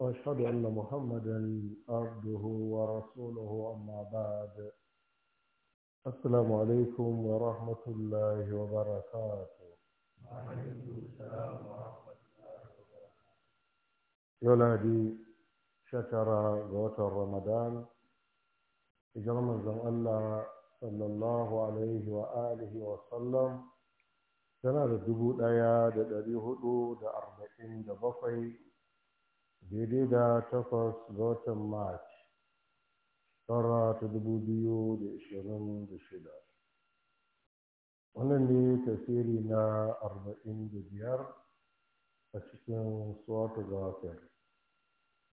واشهد ان محمدا عبده ورسوله اما بعد السلام عليكم ورحمه الله وبركاته وعليكم السلام ورحمه الله وبركاته يولادي شكر غوت رمضان اجرم الله صلى الله عليه واله وسلم tana da dubu ɗaya da ɗari hudu da arba'in da bakwai daidai da takwas ga watan march tara ta dubu biyu da ishirin da shida wannan ne tasiri na arba'in da biyar a cikin suwatu gafir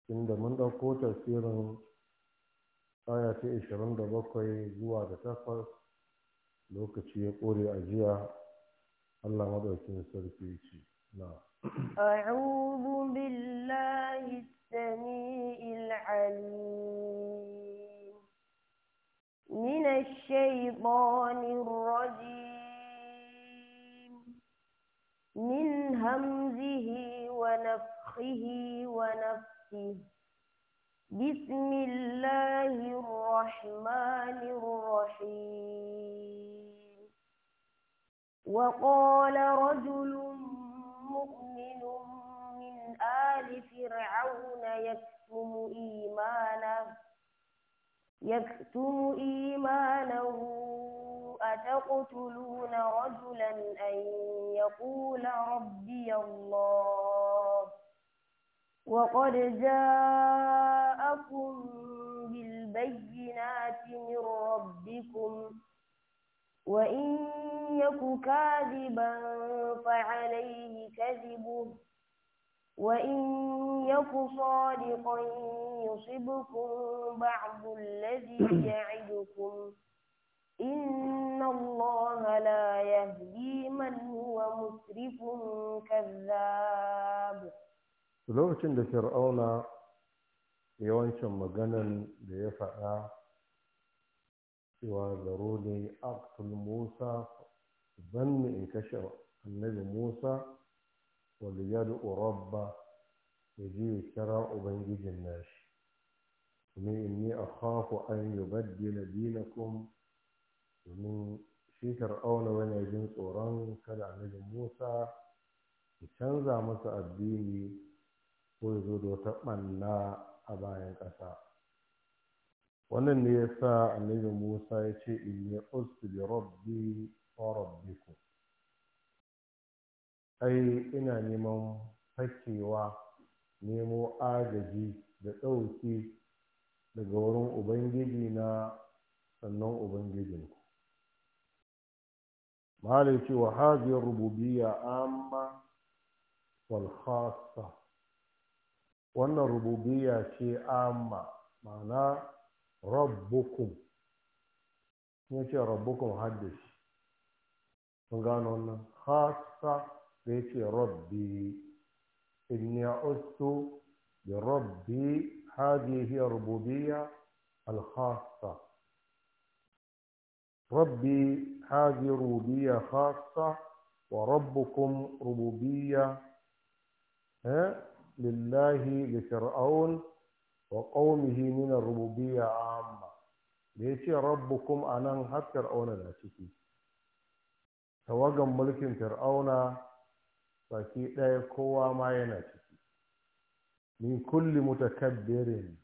inda mun ɗauko tasirin aya ta ishirin da bakwai zuwa da takwas lokaci ya ƙore a jiya allah maɗaukin sarki ce na أعوذ بالله السميع العليم من الشيطان الرجيم من همزه ونفخه ونفسه بسم الله الرحمن الرحيم وقال رجل مؤمن من آل فرعون يكتم إيمانه يكتم إيمانه أتقتلون رجلا أن يقول ربي الله وقد جاءكم بالبينات من ربكم وإن يك كاذبا فعليه كذبه وإن يك صادقا يصبكم بعض الذي يعدكم إن الله لا يهدي من هو مسرف كذاب lokacin da fir'auna yawancin maganan da ya faɗa cewa zaro ne aktul musa zanni in kashe annabi musa wanda yadu rabba ya je ya kira ubangijin nashi kuma in ni a kafu an yi na dinakum domin shi fir'auna wani jin tsoron kada annabi musa ya canza masa addini ko ya zo da wata ɓanna a bayan ƙasa wannan ne ya sa annabi musa ya ce inni ustu bi rabbi wa rabbikum ai ina neman fakewa nemo agaji da ɗauki daga wurin ubangiji na sannan ubangijin ku ce wa hajiyar rububiya amma wal wannan rububiya ce amma ma'ana ربكم ماشي ربكم حدش فقال خاصة بيتي ربي إني أست بربي هذه هي الربوبية الخاصة ربي هذه ربوبية خاصة وربكم ربوبية لله لفرعون wa ƙaunihi nuna rububiya rububiyya amma da kuma a nan har fir'auna da ciki tawagan mulkin fir'auna baki ɗaya kowa ma yana ciki min kulli mutakabbirin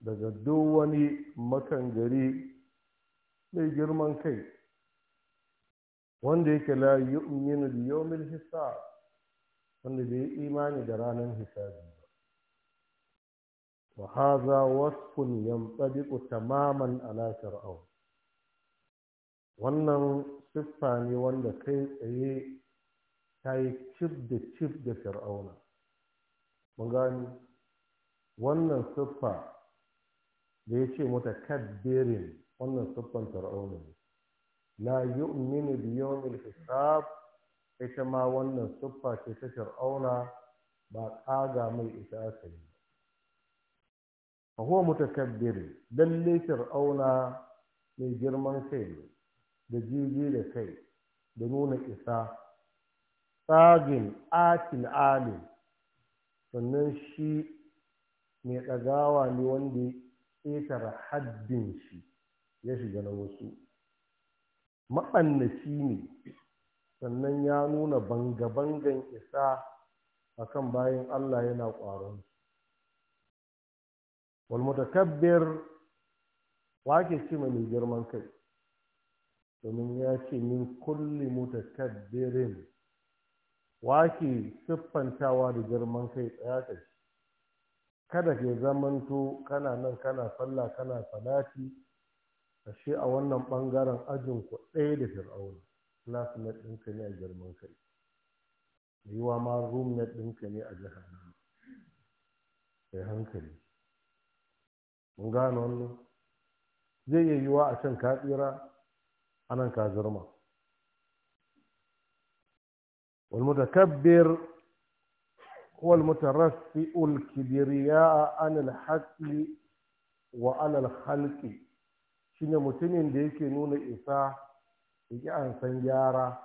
daga duk wani makan gari mai girman kai wanda yake la yu'minu da yawmil hisa, wanda bai imani da ranar hisabi wa وصف wasfun تماما على ala wannan siffa ne wanda kai tsaye ta yi cif da cif da fir'auna mun gani wannan siffa da ya ce mata kaddirin wannan siffan fir'auna ne la yi umini biyon hisab ita ma wannan siffa ce ta fir'auna ba ƙaga mai ita aka yi fa huwa mutakabbir lalle fir'auna mai girman kai ne da jiji da kai da nuna isa tsagin atin alim sannan shi mai ɗagawa ne wanda ya ƙetare haddin shi ya shiga na wasu maɓannaci ne sannan ya nuna banga-bangan isa a kan bayan Allah yana ƙwaron wal mutakabbir wa ake ce mai girman kai domin ya ce min kulli mutakabbirin wa ke siffantawa da girman kai tsaya kai kada ke zamanto kana nan kana sallah kana salati ashe a wannan ɓangaren ajin ku ɗaya da fir'auna classmate ɗinka ne a girman kai yiwa ma roommate ɗinka ne a jihar kai hankali mun wani wannan zai iya yiwuwa a can ka tsira a nan ka zirma والمتكبر هو المترفئ الكبرياء عن الحق وعن الخلق shine mutumin da yake nuna isa ki an san gyara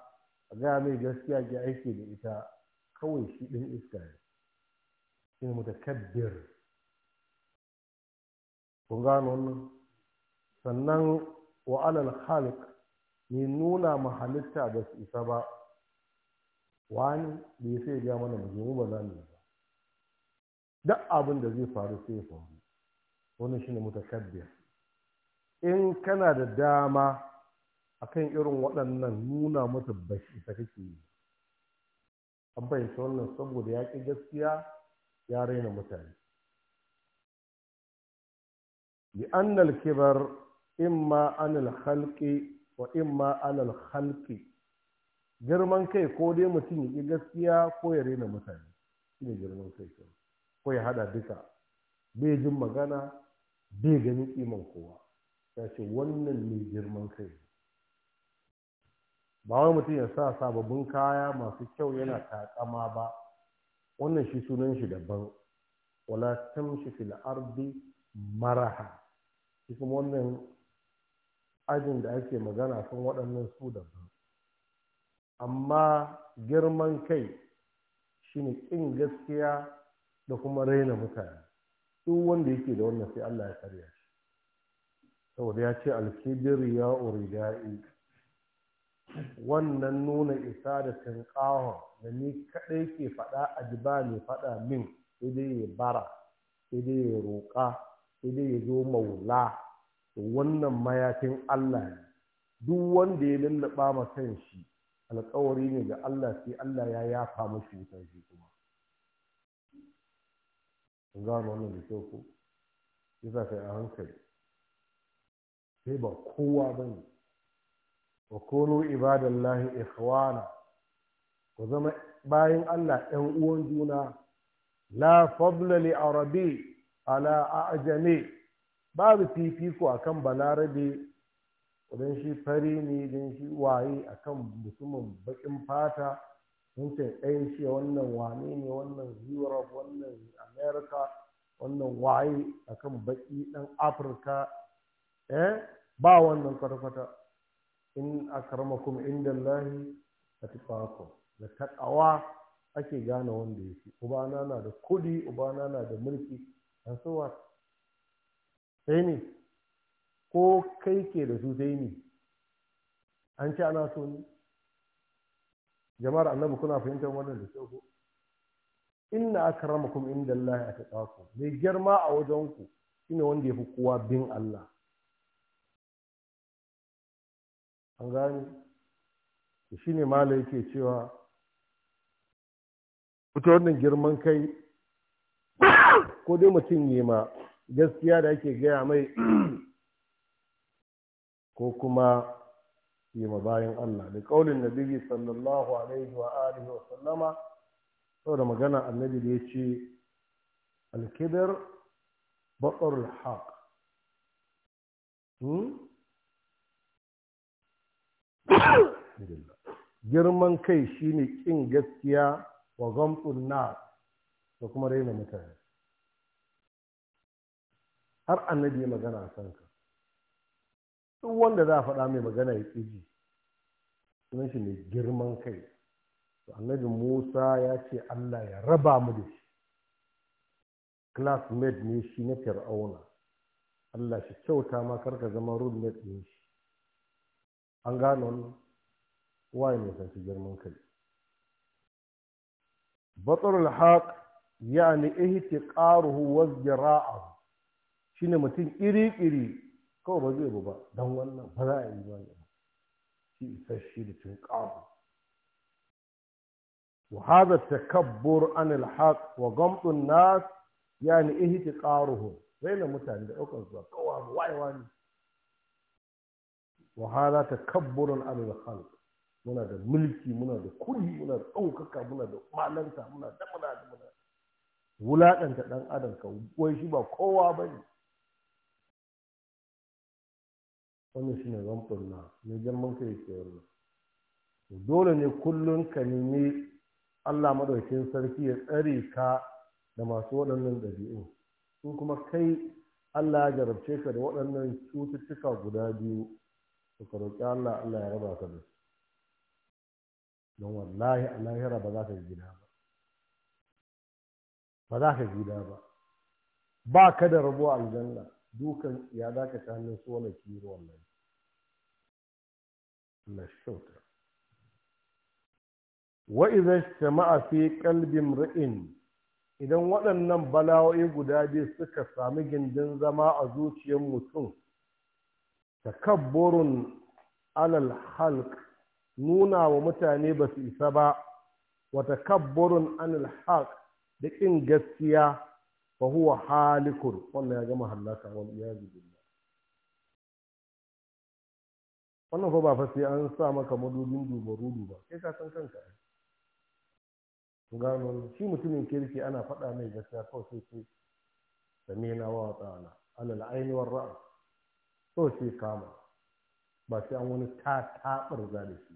ga mai gaskiya ga aiki da ita kawai shi ɗin iska ne mutakabbir kun gano wannan sannan wa alal khaliq ni nuna ma halitta ga su isa ba wani da ya sai ya mana mu ba za mu ba duk abin da zai faru sai ya faru wannan shine mutakabbir in kana da dama akan irin waɗannan nuna masa bashi ta kake yi an bayyana wannan saboda ya ƙi gaskiya ya raina mutane Yi annal kibar imma anil halki wa imma anil halki girman kai ko dai mutum ya ƙi gaskiya ko ya rena mutane shi ko ya hada duka bai jin magana bai ganin kiman kowa ya ce wannan ne girman kai ba wai mutum ya sa sababbin kaya masu kyau yana takama ba wannan shi sunan shi daban wala tamshi fil ardi maraha shi kuma wannan ajin da ake magana kan waɗannan su daban amma girman kai shine ƙin gaskiya da kuma raina mutane duk wanda yake da wannan sai Allah ya karya shi saboda ya ce alkibir ya urida'i wannan nuna isa da tankawa da ni kaɗai ke faɗa a ji ba mai faɗa min sai dai ya bara sai dai ya roƙa sai dai ya zo maula wannan mayafin Allah ne duk wanda ya lullaba ma kan shi alƙawari ne ga Allah sai Allah ya yafa mashi wutar shi kuma gano wannan da kyau ko yasa kai a hankali sai ba kowa ba ne wa kono ibadallahi ikhwana ku zama bayan Allah ɗan uwan juna la fadla li arabi ala ajami babu fifiko akan balarabe don shi fari ne don shi waye akan mutumin bakin fata wancan ɗayan shi wannan wane ne wannan europe wannan america wannan waye akan baki ɗan afirka eh ba wannan kwata-kwata in akramakum inda Allahi a da takawa ake gane wanda ya fi ubana na da kudi ubana na da mulki an so what sai ne ko kai ke da su sai ne an ci ana so ne jama'ar annabi kuna fahimtar wannan da kyau ko inna akramakum inda Allah ya taɓa mai girma a wajen ku shine wanda ya fi kowa bin Allah an gani shi ne malai yake cewa ita wannan girman kai ko dai mutum yi ma gaskiya da ake gaya mai ko kuma yi ma bayan Allah da kaulin nabi sallallahu alaihi wa alihi wa sallama da magana annabi da ya ce alkidar batsar haq hmm? girman kai shine ƙin gaskiya wa gamtsun na da kuma raina mutane har annabi ya magana a kanka duk wanda za a faɗa mai magana ya ƙiji sunan shi mai girman kai to annabi musa ya ce allah ya raba mu da shi classmate ne shi na fir'auna allah shi kyauta ma karka zama roommate ne shi an gano waye ne san shi girman kai batsar al ya yani ihtiqaruhu wa zira'ahu shi ne mutum iri-iri kawai ba zai ba don wannan ba za a yi ba ne shi isa shi da cin ƙafa ta kabbur an alhaq wa gamdun nas ya ni ihi ta ƙaruhu zai na mutane da ɗaukar zuwa kawa ba wa yi wa ne wa ta kabbur an alhaq muna da mulki muna da kuli muna da ɗaukaka muna da malanta muna da muna da muna wulaɗanta ɗan adam ka wai shi ba kowa ba ne wannan shine na mai jamman kai ke wannan dole ne kullum ka nemi Allah madaukakin sarki ya tsare ka da masu waɗannan ɗabi'u in kuma kai Allah ya jarabce ka da waɗannan cututtuka guda biyu to ka roƙi Allah Allah ya raba ka da su don wallahi a lahira ba za ka gida ba ba za ka gida ba ba ka da rabuwa aljanna dukan ya za ka sami hannun su wani wannan na shauta wa idan shama'a fi kalbin ra'in idan waɗannan bala'o'i guda biyu suka sami gindin zama a zuciyar mutum takabburun alal halk nuna wa mutane ba su isa ba wata takabburun anil Halk da ƙin gaskiya fa huwa halikun wannan ya gama halaka wal iyazu billah wannan fa ba fa sai an sa maka madubin dubarudu ba sai ka san kanka gano shi mutumin kirki ana faɗa mai gaskiya kawai sai ce samina wa tsana. alal aini war ra'a so sai kama ba sai an wani ta taɓar da shi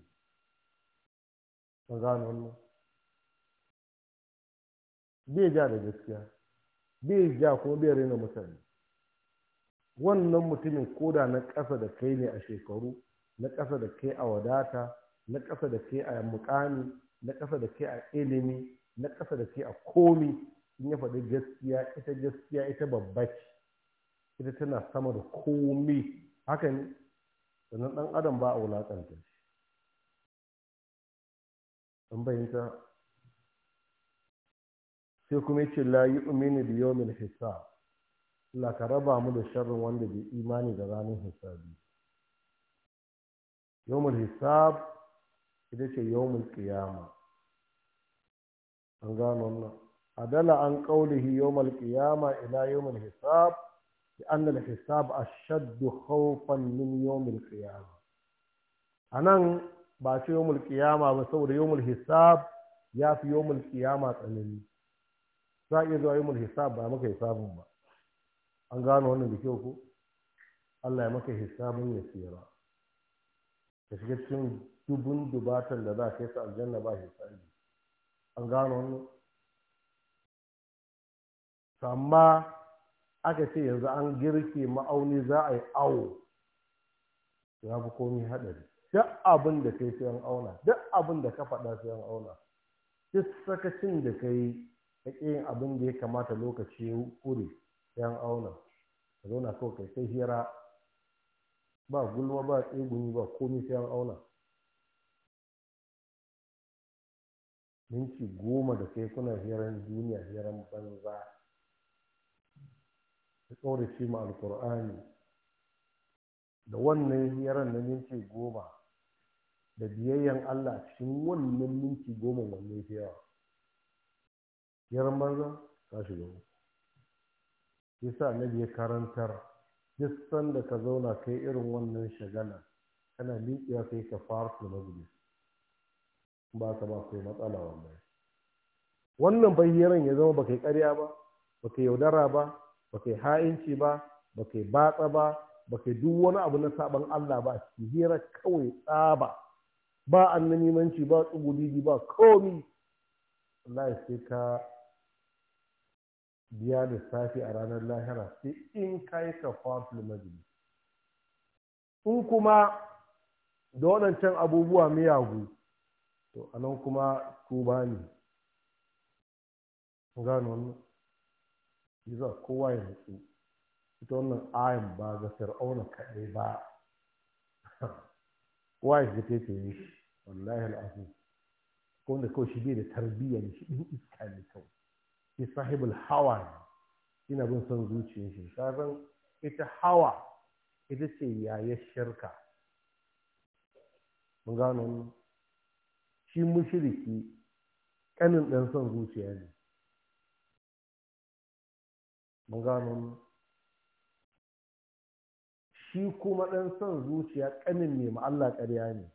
gano wannan bai ja da gaskiya bai ja kuma bai raina mutane wannan mutumin koda na ƙasa da kai ne a shekaru na ƙasa da kai a wadata na ƙasa da kai a mukami na ƙasa da kai a ilimi na ƙasa da kai a komi in ya faɗi gaskiya ita gaskiya ita babba ce ita tana sama da komi haka ne sannan ɗan adam ba a wulaƙanta shi an sai kuma ce la da yau mil hisab la ka raba mu da sharrin wanda bai imani da ranar hisabi mil hisab ita ce mil kiyama an gano wannan adala an yau mil kiyama ila yawmul hisab ki anna al hisab shaddu haufan min kiyama A nan ba ce mil kiyama ba saboda mil hisab ya fi mil kiyama tsanani za a iya zuwa yi mul hisab ba maka hisabun ba an gano wannan da kyau ko Allah ya maka hisabun ya ba ka shiga cikin dubun dubatan da za ka yi su aljanna ba hisabi an gano wannan amma aka ce yanzu an girke ma'auni za a yi awo ya fi komi haɗari duk abin da kai sai auna duk abin da ka faɗa sai an auna duk sakacin da ka yi ka ƙi yin abin da ya kamata lokaci ya kure yan auna ka zauna kawai kai kai hira ba gulma ba tsegumi ba komi sai yan auna minti goma da kai kuna hiran duniya hiran banza ka tsorace ma alkur'ani da wannan hiran na minti goma da biyayyen allah cikin wannan minti goma wannan yawa yaran banza ka shiga uku sa annabi ya karantar duk sanda ka zauna kai irin wannan shagala kana miƙewa kai ka fara su majalis ba ka ba kai matsala wannan wannan bayyaran ya zama baka yi ƙarya ba baka yaudara ba baka yi ha'inci ba baka yi batsa ba baka yi duk wani abu na saban Allah ba ki hira kawai tsaba ba manci ba tsugudidi ba komi Allah ya sai ka biya lissafi a ranar lahira sai in kai ka fatul majlis in kuma da waɗancan abubuwa miyagu to anan kuma tuba ne gano wannan yasa kowa ya nutsu ita wannan ayin ba ga fir'auna kaɗai ba kowa ya shiga tefe shi wallahi al'afu ko da kawai shi bai da tarbiyya ne shi ɗin iska ne kawai shi sahibul hawa ne ina bin son zuciyar shi kasan ita hawa ita ce yaya shirka mun gano shi mushiriki kanin ɗan son zuciya ne mun gano shi kuma ɗan son zuciya ƙanin ne ma Allah ƙarya ne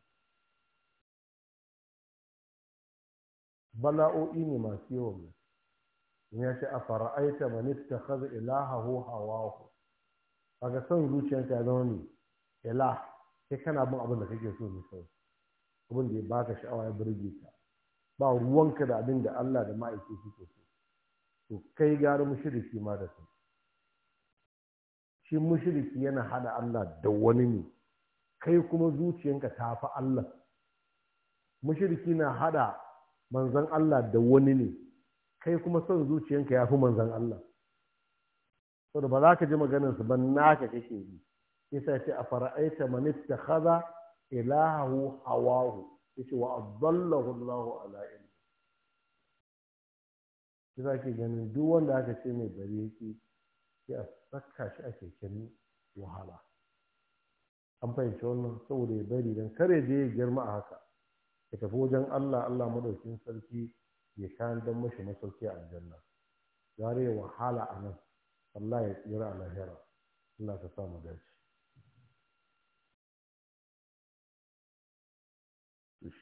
bala'o'i ne masu yawan ya ce a fara'aita ta kaza ilahahu a ga son zuciyarka ya zama ne ila sai kana bin abin da kake so ne kawai abin da ya baka sha'awa ya birge ka ba ruwanka da abin da Allah da ma'aiki suke so to kai gara mushriki ma da kai shi mushriki yana hada Allah da wani ne kai kuma zuciyarka ta fi Allah mushriki na hada manzon Allah da wani ne kai kuma son zuciyanka ya fi manzan Allah saboda ba za ka ji maganinsu ba naka kake yi Isa ce a fara'aita man haza ilahu hawahu yace wa adallahu Allahu ala ilmi ke ganin duk wanda aka ce mai bari yake sai a saka shi a keken wahala an fahimci wannan saboda ya bari don kare je ya girma a haka ka tafi wajen Allah Allah madaukin sarki ya don mashi masauki a aljanna rai wahala a nan Allah ya tsira a lahira Allah ka sa mu dace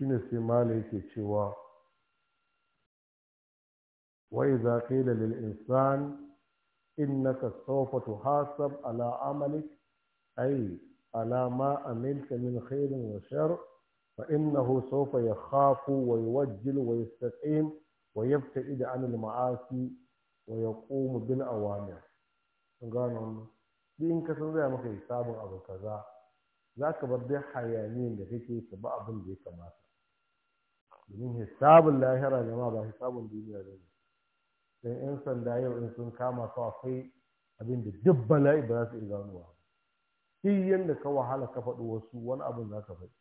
ne sai mala yake cewa za ka yi lil insan innaka sawfa tuhasab ala amalik ay ala ma amilta min khairin wa shar فإنه سوف يخاف ويوجل ويستقيم ويبتعد عن المعاصي ويقوم بالأوامر gano in ka san zai maka hisabin abu kaza za ka bar dai hayaniyan da kake ka ba abin da ya kamata domin hisabin lahira jama'a ba hisabin duniya ne dan yan sanda yau in sun kama su akwai abin da duk bala'i ba za su iya ganowa shi yanda ka wahala ka faɗi wasu wani abin za ka faɗi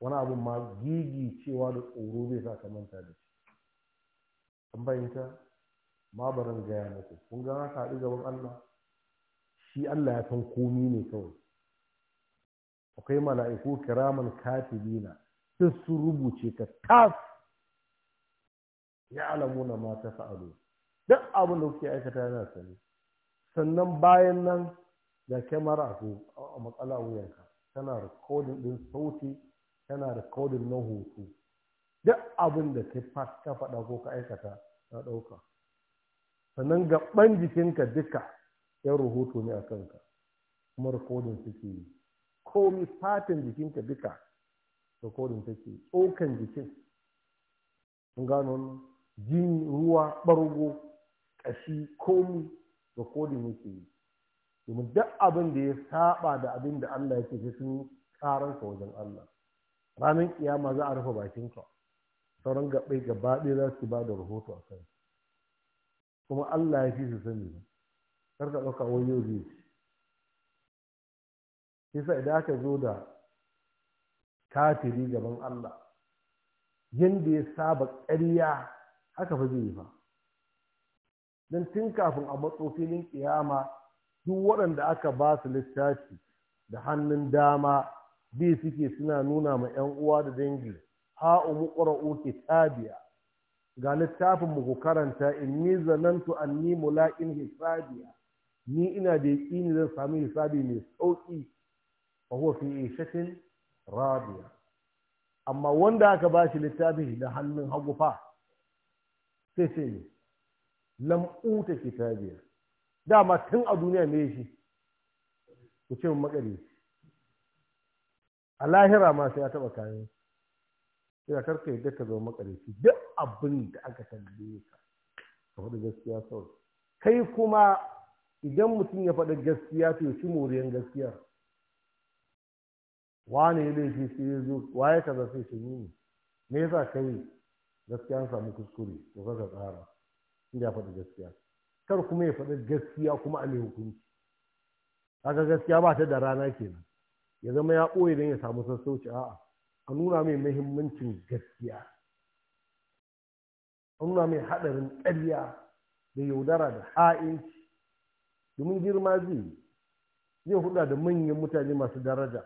wani abun ma gigi cewa da tsoro zai sa ka manta da shi an bayyanta ma barin gaya muku kun ga haka haɗu gaban Allah shi Allah ya san komi ne kawai akwai mala'iku kiraman katibina duk sun rubuce ka tas ya alamu na mata fa'alu duk abin da kuke aikata yana sani sannan bayan nan da kyamara a matsala wuyanka tana rikodin ɗin sauti tana da kodin na hoto duk abin da ka faɗa ko ka aikata na ɗauka sannan gaban jikinka duka yan rahoto ne a kanka kuma rikodin suke yi komi fatan jikinka duka rikodin take tsokan jikin sun gano jini ruwa ɓargo ƙashi komi rikodin yake yi domin duk abin da ya saba da abin da Allah yake sai sun karanka wajen Allah ranar kiyama za a rufe bakin ka sauran gaɓai gaba ɗaya za su ba da rahoto a kai kuma allah ya fi su sani kar ka ɗauka wani yau zai sai idan aka zo da kafiri gaban allah yadda ya saba ƙarya haka fa zai yi fa don tun kafin a matso filin kiyama duk waɗanda aka ba su littafi da hannun dama bi suke suna nuna ma 'yan uwa da dangi ha'u muqra'u kitabiya ga littafin mu ku karanta ni zanantu anni mulaqin hisabiya ni ina da yaƙini zan sami hisabi mai sauƙi fa huwa fi ishatin radiya amma wanda aka ba shi littafin da hannun hagu fa sai sai ne uta kitabiya dama tun a duniya me shi ku ce makarici a lahira ma sai ya taba kayan sai karka yadda ka zama makarici duk abin da aka tambaye ka ka faɗi gaskiya sau kai kuma idan mutum ya faɗi gaskiya to ya ci moriyan gaskiyar Wani ya laifi sai ya zo waye ka za sai yi ne me yasa kai gaskiya an samu kuskure to ka tsara inda ya faɗi gaskiya kar kuma ya faɗi gaskiya kuma a mai hukunci kaga gaskiya ba ta da rana kenan ya zama ya ɓoye don ya samu sassauci a'a a nuna mai mahimmancin gaskiya a nuna mai haɗarin ƙarya da yaudara da ha'inci domin girma zai zai huda da manyan mutane masu daraja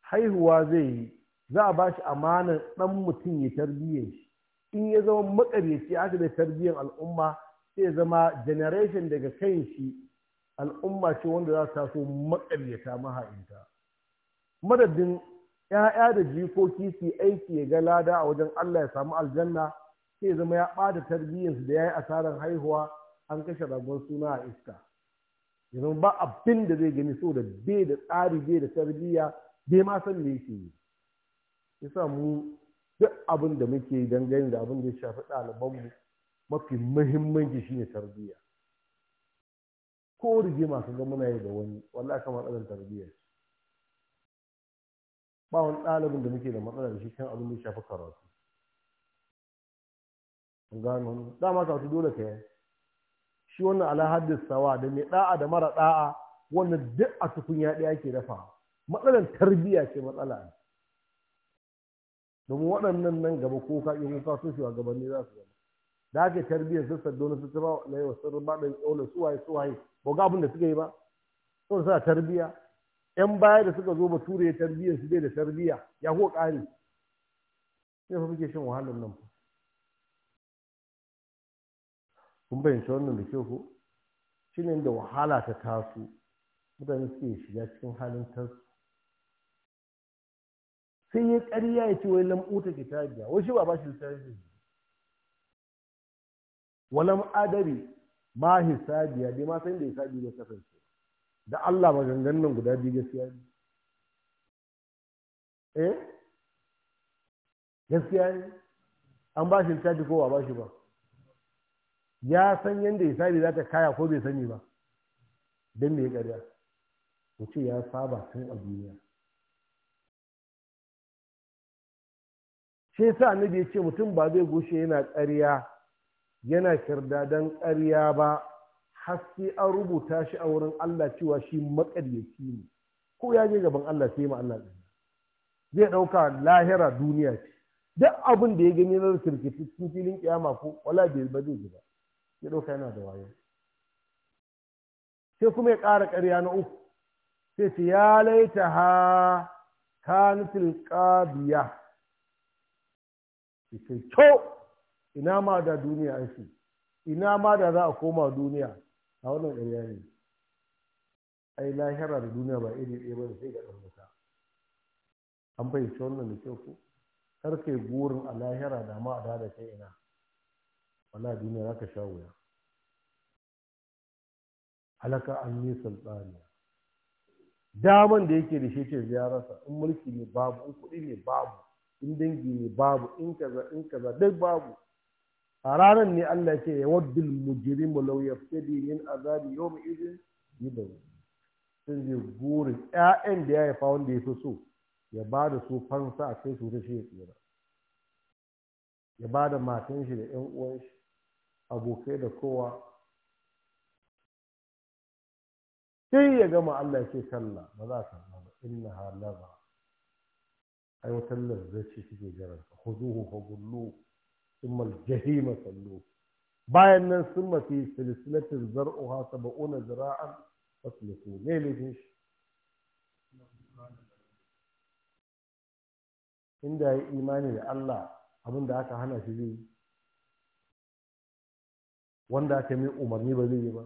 haihuwa zai yi za a ba shi amanar ɗan mutum ya tarbiyyar shi in ya zama maƙaryaci, haka da tarbiyyar al'umma sai zama generation daga kan shi al'umma ce wanda za su taso maƙaryata maha'inta madadin ‘ya'ya da jikoki su aiki ya ga lada a wajen Allah ya samu aljanna sai zama ya bada tarbiyyarsu da ya yi asarar haihuwa an kashe ragon suna a iska yanzu ba abin da zai gani so da bai da tsari bai da tarbiyya bai ma san me yake yi yasa mu duk abin da muke dangane da abin da ya shafi ɗalibanmu mafi muhimmanci shine tarbiyya ko rigima masu ga muna yi da wani wallahi kamar ɗan tarbiyyar ba wani ɗalibin da muke da matsala da shi kan abin da ya shafi karatu gano dama karatu dole ka yi shi wannan alhaddis sawa da mai ɗa'a da mara ɗa'a wannan duk a tukunya ɗaya ake dafa matsalar tarbiyya ce matsala ne. domin waɗannan nan gaba ko ka ko ka sun shiwa gabanin za su zama da ake tarbiyyar su saddon su ta ba na yau sun rubaɗin ƙaunar suwaye suwaye ba ga abin da suka yi ba saboda suna tarbiyya yan baya da suka zo bature ya tarbiyyar su bai da tarbiyya ya ko ƙari sai fa muke shan wahalar nan kun bayyance wannan da kyau ko ne da wahala ta taso mutane suke shiga cikin halin tarsu sai ya ƙarya ya ce wai ta kitabiya wai shi ba ba shi littafi walam adabi ma hisabiya dai ma san da hisabi ne kasance da Allah maganganun nan guda biyu gaskiya ne eh gaskiya ne an ba shi littafi ko ba shi ba ya san yadda hisabi za ta kaya ko bai sani ba don me ya karya ce ya saba tun a duniya shi sa annabi ya ce mutum ba zai gushe yana ƙarya yana kirda don ƙarya ba Haske an rubuta shi a wurin Allah cewa shi makaryaci ne ko ya je gaban Allah sai ma Allah zai ɗauka lahira duniya ce duk abin da ya gani na kirkiti cikin filin kiyama ko wala bai ba zai ji ya ɗauka yana da wayo sai kuma ya ƙara ƙarya na uku sai ce ya laita ha kanitil ƙabiya sai kyau ina ma da duniya ake ina ma da za a koma duniya a wannan ƙarya ne ai lahira da duniya ba iri ɗaya ba da sai ga ɗan wuta an fahimci wannan da kyau ko kar kai burin a lahira da ma a da da kai ina wala duniya za ka sha wuya halaka an yi sultaniya daman da yake da shi ce ya rasa in mulki ne babu in kuɗi ne babu in dangi ne babu in kaza in kaza duk babu a ranar ne Allah ce ya mu mujrimu law da yin azabi yi da yidaw sun je gori ƴaƴan da ya haifa wanda ya fi so ya ba da su fansa a kai su ta shi ya tsira ya ba da matan shi da yan uwan shi abokai da kowa sai ya gama Allah ya ce kalla ba za ka ba inna halaza ai wata lazzaci suke jiran ka khuduhu fa gullu. summal jahima sallu bayan nan sun mafi silsilatin zar'uha saba'una zira'an fasliku ne laifin shi inda ya imani da Allah abin aka hana shi zai wanda aka mai umarni ba zai yi ba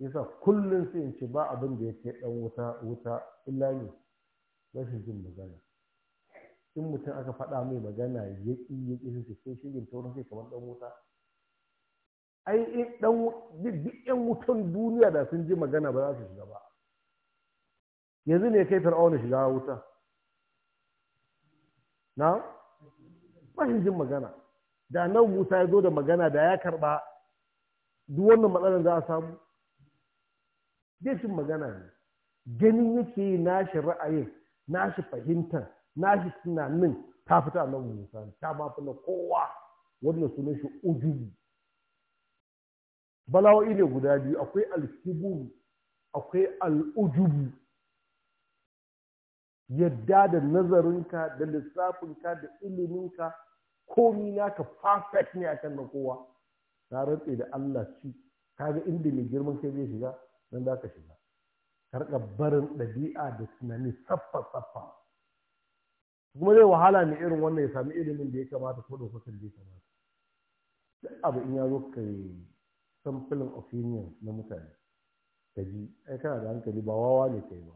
yasa kullum sai in ce ba abin da ya ke dan wuta wuta illa ne rashin jin magana in mutum aka faɗa mai magana ya ƙi ya ƙi su sai shigin taurin sai kamar ɗan wuta ai ɗan duk ƴan wutan duniya da sun ji magana ba za su shiga ba yanzu ne kai fir'auna shiga wuta na shi jin magana da nan musa ya zo da magana da ya karɓa duk wannan matsalar za a samu jin magana ne ganin yake shi ra'ayin shi fahimtar nashi tunanin ta fita annabi musa ta ma fi na kowa wannan sunan shi ujubu bala'o'i ne guda biyu akwai alkiburu akwai al'ujubu yadda da nazarinka da lissafinka da iliminka komi naka perfect ne akan na kowa ta rantse da Allah ci kaga inda mai girman kai zai shiga nan za ka shiga karka barin ɗabi'a da tunani saffa saffa kuma zai wahala ne irin wannan ya sami ilimin da ya kamata ko kusan da ya kamata duk abu in ya zo ka yi samfilin opinion na mutane ka ji ai kana da hankali ba wawa ne kai ba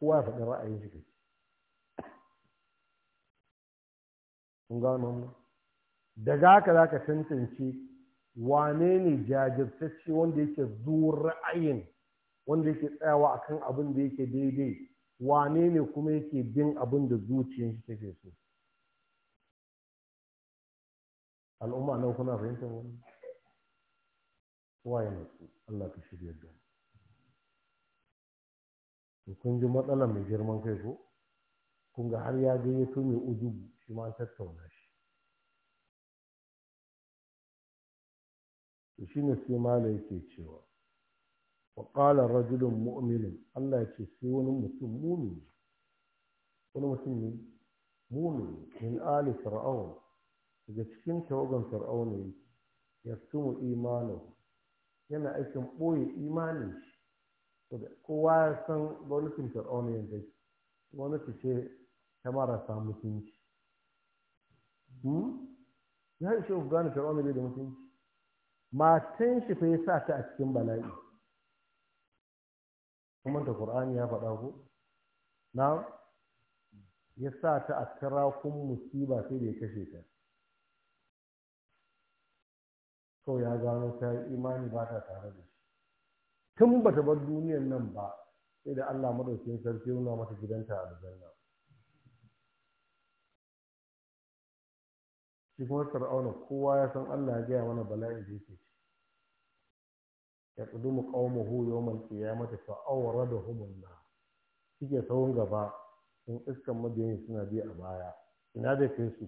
kowa ya faɗi ra'ayin shi kai kun gano mu daga haka za ka tantance wane ne jajirtacce wanda yake zuwa ra'ayin wanda yake tsayawa akan abin da yake daidai wane ne kuma yake bin abin da zuciyar shi take so al'umma nan kuna fahimtar wani waye masu Allah ka shirya da mu kun ji matsala mai girman kai ko kun ga har ya gayyato mai ujubu shi ma tattauna shi shi ne sai mala yake cewa wa qala rajulun mu'minin Allah ya ce sai wani mutum mumini wani mutum ne mumini min ali fir'aun daga cikin tawagan fir'aun ne yastumu imanin, yana aikin ɓoye imanin shi kowa ya san gwamnatin fir'aun yanzu gwamnati ce ta marasa mutunci ya ishe ku gane fir'aun bai da mutunci matan shi fa ya sa ta a cikin bala'i kuma da qur'ani ya faɗa ku na ya sa ta a kun ba sai da ya kashe ta so ya gano ta imani ba ta tare da tun ba ta bar duniyan nan ba sai da Allah madaukakin sarki nuna mata gidanta a aljanna shi kuma fir'auna kowa ya san Allah ya gaya mana bala'in da yake يقدم قومه يوم القيامة فأوردهم النار suke tsawon gaba sun iskan mabiyan suna bi a baya ina da kai su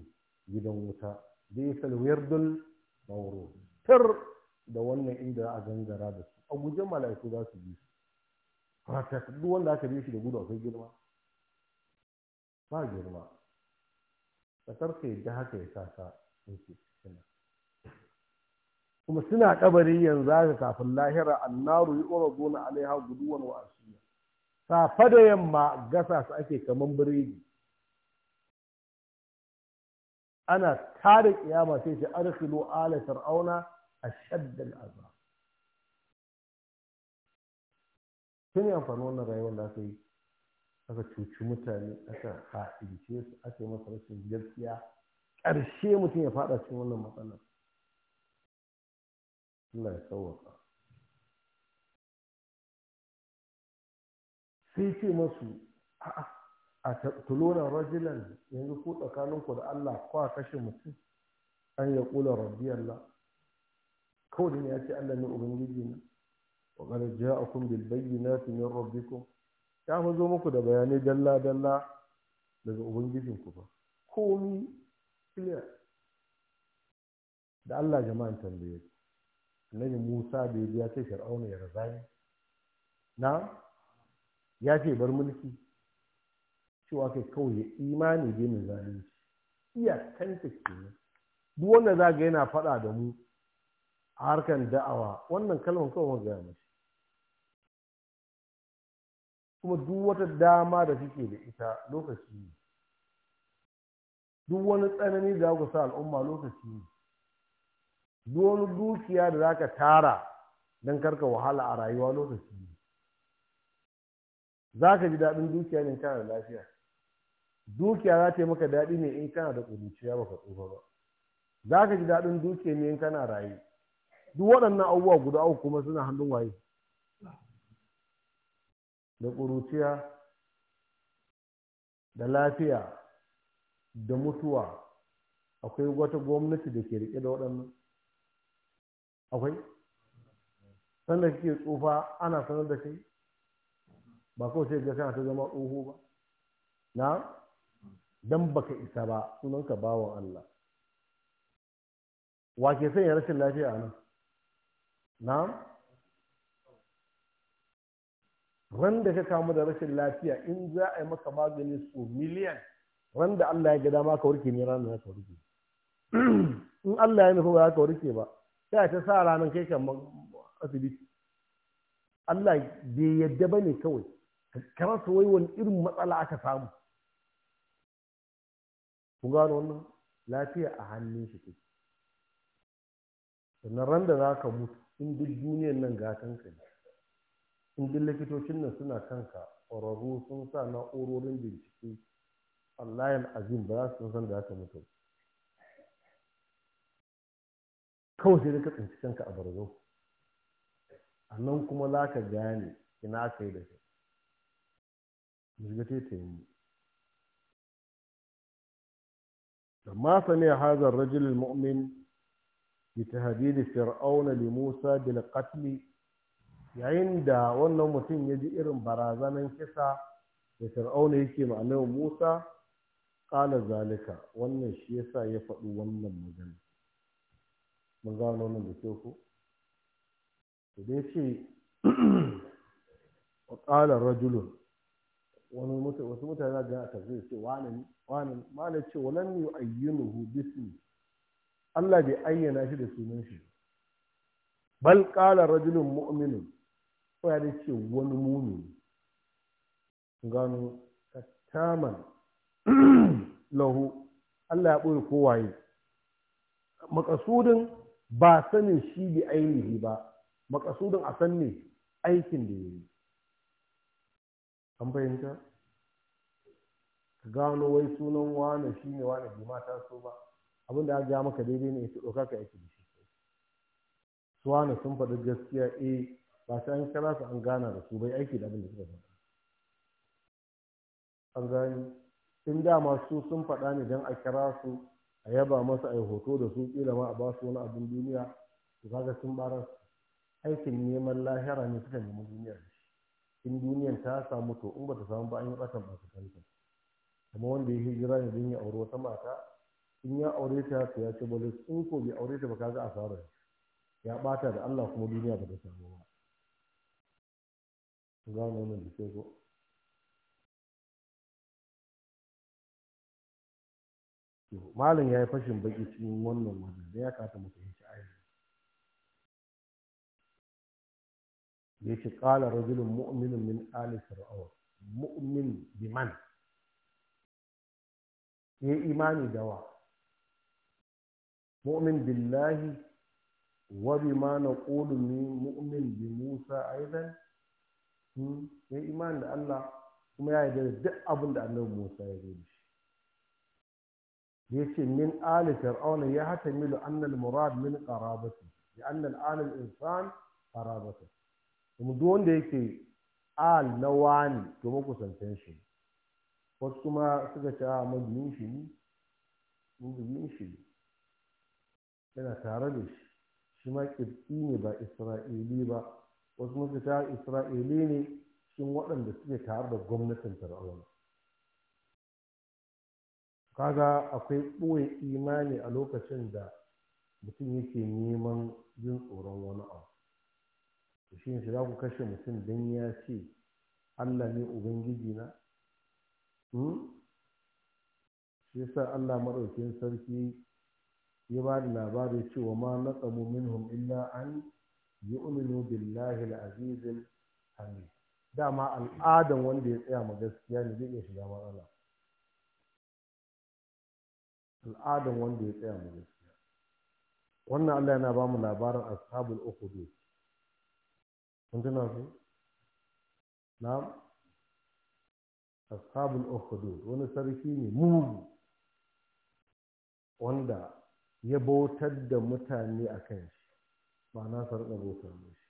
gidan wuta da isal wirdul mauro tar da wannan inda a gangara da su a guje mala'iku za su bi su fata duk wanda aka bi shi da gudu akwai girma ba girma ka karka yadda haka ya sa ka in ce kuma suna kabari yanzu haka kafin lahira annaru yu'raduna alaiha guduwan wa asiya safa da yamma gasa su ake kaman biredi ana tada kiyama sai ce arkhilu ala fir'auna ashadd al'azab shine amfanin wannan rayuwar da aka yi aka cuci mutane aka ha'ince su aka yi masa rashin gaskiya ƙarshe mutum ya faɗa cikin wannan matsalar Allah ya sauwaka sai ce masu a tulona rajilan yanzu ku tsakaninku da Allah kwa kashe mutum an ya kula rabbi Allah kawai ne ya ce Allah ne ubangiji ne wa qad na bil bayyinati rabbi ko ya fa zo muku da bayanai dalla dalla daga ubangijinku ba komi clear da Allah jama'an tambaye annabi musa da ya biya sai fir'auna ya ne na ya ce bar mulki cewa kai kawai ya imani da mu zalunci iyakanta ke duk wanda za ga yana faɗa da mu a harkar da'awa wannan kalmar kawai mun gaya mashi kuma duk wata dama da suke da ita lokaci ne duk wani tsanani da ya sa al'umma lokaci ne wani dukiya da za ka tara don karka wahala a rayuwa lokaci ne za ka ji daɗin dukiya ne kana da lafiya dukiya za ta yi maka daɗi ne in kana da ƙuruciya baka tsufa ba za ka ji daɗin dukiya ne in kana raye duk waɗannan abubuwa guda uku kuma suna hannun waye da ƙuruciya da lafiya da mutuwa akwai wata gwamnati da ke riƙe da waɗannan akwai sanda kike tsufa ana sanar da kai ba kawai sai ga kana ta zama tsoho ba na dan baka isa ba sunanka bawan Allah wa ke sanya rashin lafiya nan na ran da ka kamu da rashin lafiya in za a yi maka magani su miliyan ran da Allah ya ga dama ka warke ne ranar ka warke in Allah ya nufi ba za ka warke ba sai ta sa ranar kai kan asibiti Allah bai yadda ba ne kawai ka su wai wani irin matsala aka samu ku gano wannan lafiya a hannun shi ke sannan ran da za ka mutu in duk duniyan nan ga kanka ne in duk likitocin nan suna kanka ƙwararru sun sa na'urorin bincike Allah azim ba za su san da za ka mutu kawai sai ka tsinci kanka a barzo a nan kuma za ka gane ina ka yi da kai musgate ta yi لما سمع هذا الرجل المؤمن بتهديد Musa لموسى بالقتل yayin da wannan mutum ya ji irin barazanan kisa da fir'auna yake ma'anar musa ƙala zalika wannan shi yasa ya faɗi wannan magana mun gano nan da ke ku dai ce ƙalar rajulun wasu mutane da a zai ce wani wani ce walan yi ayyinuhu bismi Allah bai ayyana shi da sunan shi bal ƙalar rajulun mu'minin ko ya ce wani mumini gano kattaman lahu Allah ya ɓoye kowaye makasudin ba sanin shi bi ainihi ba makasudin a san ne aikin da ya yi an fahimta ka gano wai sunan wane shi ne wane bai mata so ba abin da ya maka daidai ne ya ɗauka ka aiki da shi su wane sun faɗi gaskiya eh ba sai an kira su an gana da su bai aiki da abin da suka faɗa an gani in dama su sun faɗa ne don a kira su a yaba masa a yi hoto da su kila ma a ba su wani abin duniya su kaga sun barar aikin neman lahira ne suka nemi duniyar in duniyar ta samu to in bata samu ba an yi ɓatan ba su kanta kuma wanda ya hijira ne don ya aure wata mata in ya aure ta to ya ce ba in ko bai aure ta ba kaga asarar ya bata da Allah kuma duniya ba ta samu ba gano da ke to malam ya yi fashin baki cikin wannan wannan da ya mutum mu fahimci ayyuka ya ce ƙala rajulun mu'minin min ali fir'aun mu'min biman ya yi imani da wa mu'min billahi wa bima naqulu mu'min bi musa aidan hmm, ya yi imani da Allah kuma ya yi da duk abin da annabi Musa ya zo da shi da yace min ali fir'auna ya hata milu annal murad min qarabati ya annal alil insan qarabati kuma duk wanda yake al na wani to makusantan shi wasu kuma suka ce a mabiyin shi shi yana tare da ba isra'ili ba wasu ta isra'ili ne cikin waɗanda suke tare da gwamnatin fir'auna kaga akwai ɓoye imani a lokacin da mutum yake neman yin tsoron wani abu shi ne za ku kashe mutum don ya ce allah ne ubangiji na hmm? shi yasa allah maɗaukin sarki ya ba da labarin cewa ma na tsamu minhum illa an yu'minu billahi al-azizil dama al'adan wanda ya tsaya ma gaskiya ne zai iya shiga matsala al'adan wanda ya tsaya mu gaskiya wannan Allah yana ba mu labarin ashabul ukhudud kun tuna su na'am ashabul ukhudud wani sarki ne mu wanda ya bautar da mutane a kan shi ma'ana su rika bautar shi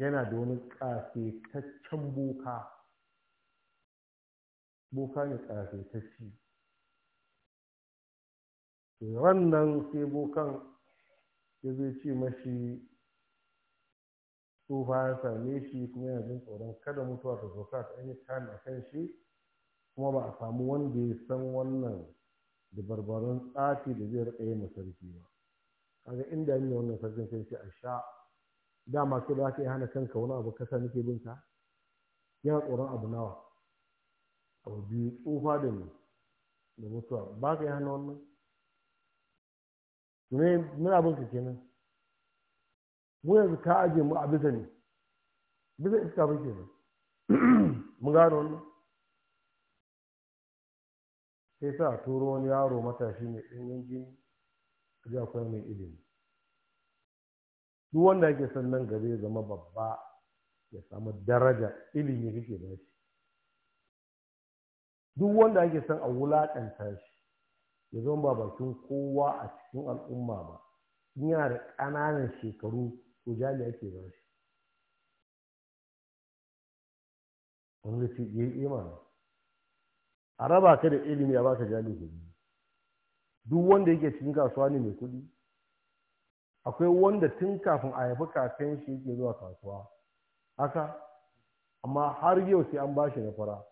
yana da wani ƙasaitaccen boka boka ne ƙasaitacce Wannan sai bukan ya zai ce mashi tsufa ya same shi kuma yana jin tsoron kada mutuwa ta zo ka ta yi kan a kan shi kuma ba a samu wanda ya san wannan dabarbarun tsafi da zai rika yi masarki sarki ba kaga inda ne wannan sarkin sai ce a sha dama sai da ka yi hana kanka wani abu kasa nake bin ka yana tsoron abu nawa abu biyu tsufa da ne da mutuwa ba ka yi hana wannan ne muna bin ka kenan mu yanzu ka aje mu a bisa ne bisa iska ke kenan mun gano wannan sai sa turo wani yaro matashi mai ɗanyen jini ji akwai mai ilimi duk wanda yake son nan gaba zama babba ya samu daraja ilimi kake ba shi duk wanda ake san a wulaƙanta shi ya zama ba bakin kowa a cikin al'umma ba in yana da ƙananan shekaru ko jali ake ba shi wanda ce ya yi a raba ka da ilimi a baka jali kuɗi duk wanda yake cikin kasuwa ne mai kuɗi akwai wanda tun kafin a haifi kakan shi yake zuwa kasuwa haka amma har yau sai an bashi na fara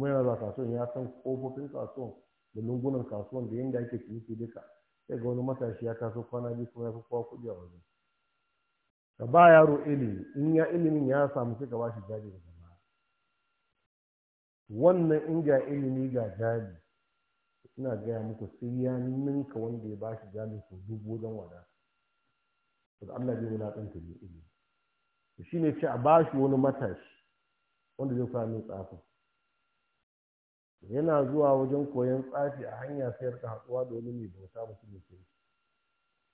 kuma yana zuwa kasuwan ya san kofofin kasuwan da lungunan kasuwan da yadda ake ciniki duka sai ga wani matashi ya taso kwana biyu kuma ya fi kowa kuɗi a waje. ka ba yaro ilimi in ya ilimin ya samu sai ka ba shi jari da gaba wannan in ga ilimi ga jari ina gaya muku sai ya ninka wanda ya ba shi jari su dubu wajen wada da Allah bai wulaƙanta ne ilimi shi ne ce a ba shi wani matashi wanda zai fara min tsafin? yana zuwa wajen koyon tsafi a hanya sayar da haɗuwa domin wani mai bauta mutum ke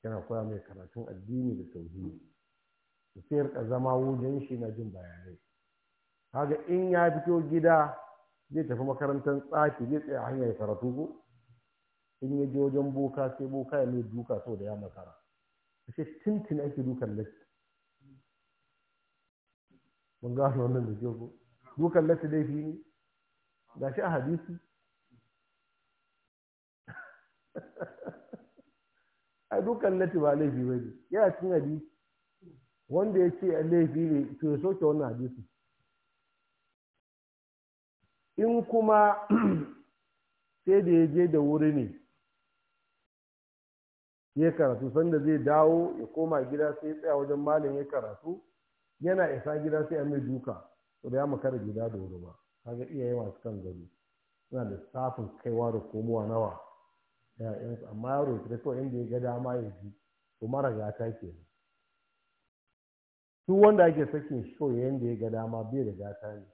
yana koya mai karatun addini da tauhidi sayar da zama wajen shi na jin bayanai kaga in ya fito gida zai tafi makarantar tsafi zai tsaya hanya ya karatu ko in ya je wajen boka sai boka ya mai duka sau da ya makara ashe tintin ake dukan latti mun gano wannan da ke ko dukan latti laifi ne shi a hadisi a dukkan lati ba laifi ba ne yana cikin hadisi wanda ya ce laifi ne to ya soke wannan hadisi in kuma sai da ya je da wuri ne ya karatu sanda zai dawo ya koma gida sai ya tsaya wajen malam ya karatu yana isa gida sai a mai duka to da ya makara gida da wuri ba kaga iyaye masu kan gari. suna da safin kaiwa da komowa nawa ‘ya'yansu amma yaro ya fita kawai inda ya ga dama ya ji to mara gata ke su wanda ake sakin shi yanda ya ga dama bai da gata ne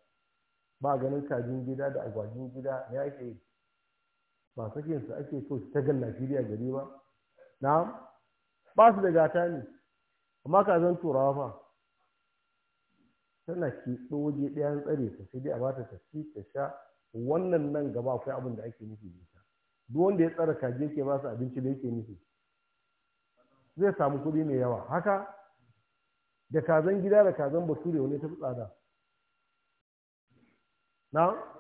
ba ganin kajin gida da agwajin gida ne ake yi ba sakin su ake so su ta gallafi gari ba na ba su da gata ne amma zan turawa fa tana ki waje ɗaya an tsare ta sai dai a bata ta ci ta sha wannan nan gaba akwai abin da ake nufi da ita duk wanda ya tsara kaji yake ba su abinci da yake nufi zai samu kuɗi mai yawa haka da kazan gida da kazan bature wani ta fi tsada na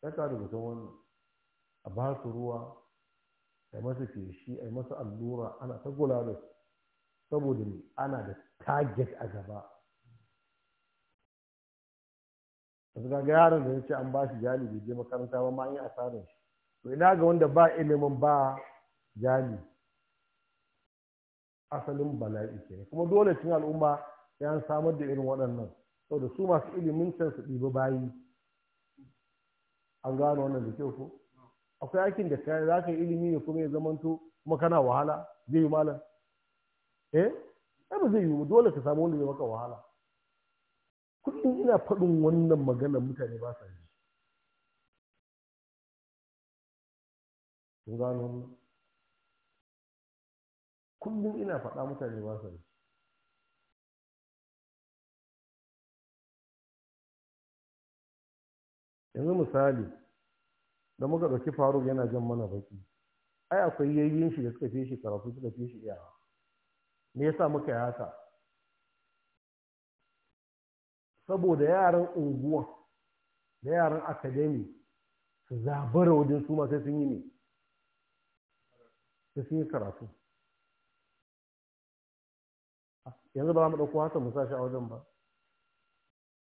ta da gusan wannan a ba su ruwa a masa feshi a masa allura ana ta gula da saboda ne ana da target a gaba wasu ga yaron da ya ce an ba shi jali je makaranta ba ma an yi asarar shi to ina ga wanda ba ilimin ba jali asalin bala'i ke kuma dole cin al'umma ya samar da irin waɗannan saboda su masu ilimin can su ɗibi bayi an gano wannan da kyau ko akwai aikin da za ka yi ilimi ne kuma ya zamanto kuma kana wahala zai yi malam eh ai ba zai yiwu dole ka samu wanda zai maka wahala kullum ina faɗin wannan maganar mutane ba sa ji kullum ina faɗa mutane ba sa ji yanzu misali da muka ɗauki faruk yana jan mana baki ai akwai yayyin shi da suka fi shi karatu suka fi shi iyawa me yasa muka yi haka saboda yaran unguwa da yaran akademi su zabara wajen su ma sai sun yi ne sai sun yi karatu yanzu ba mu ɗauko hasan mu sashi a wajen ba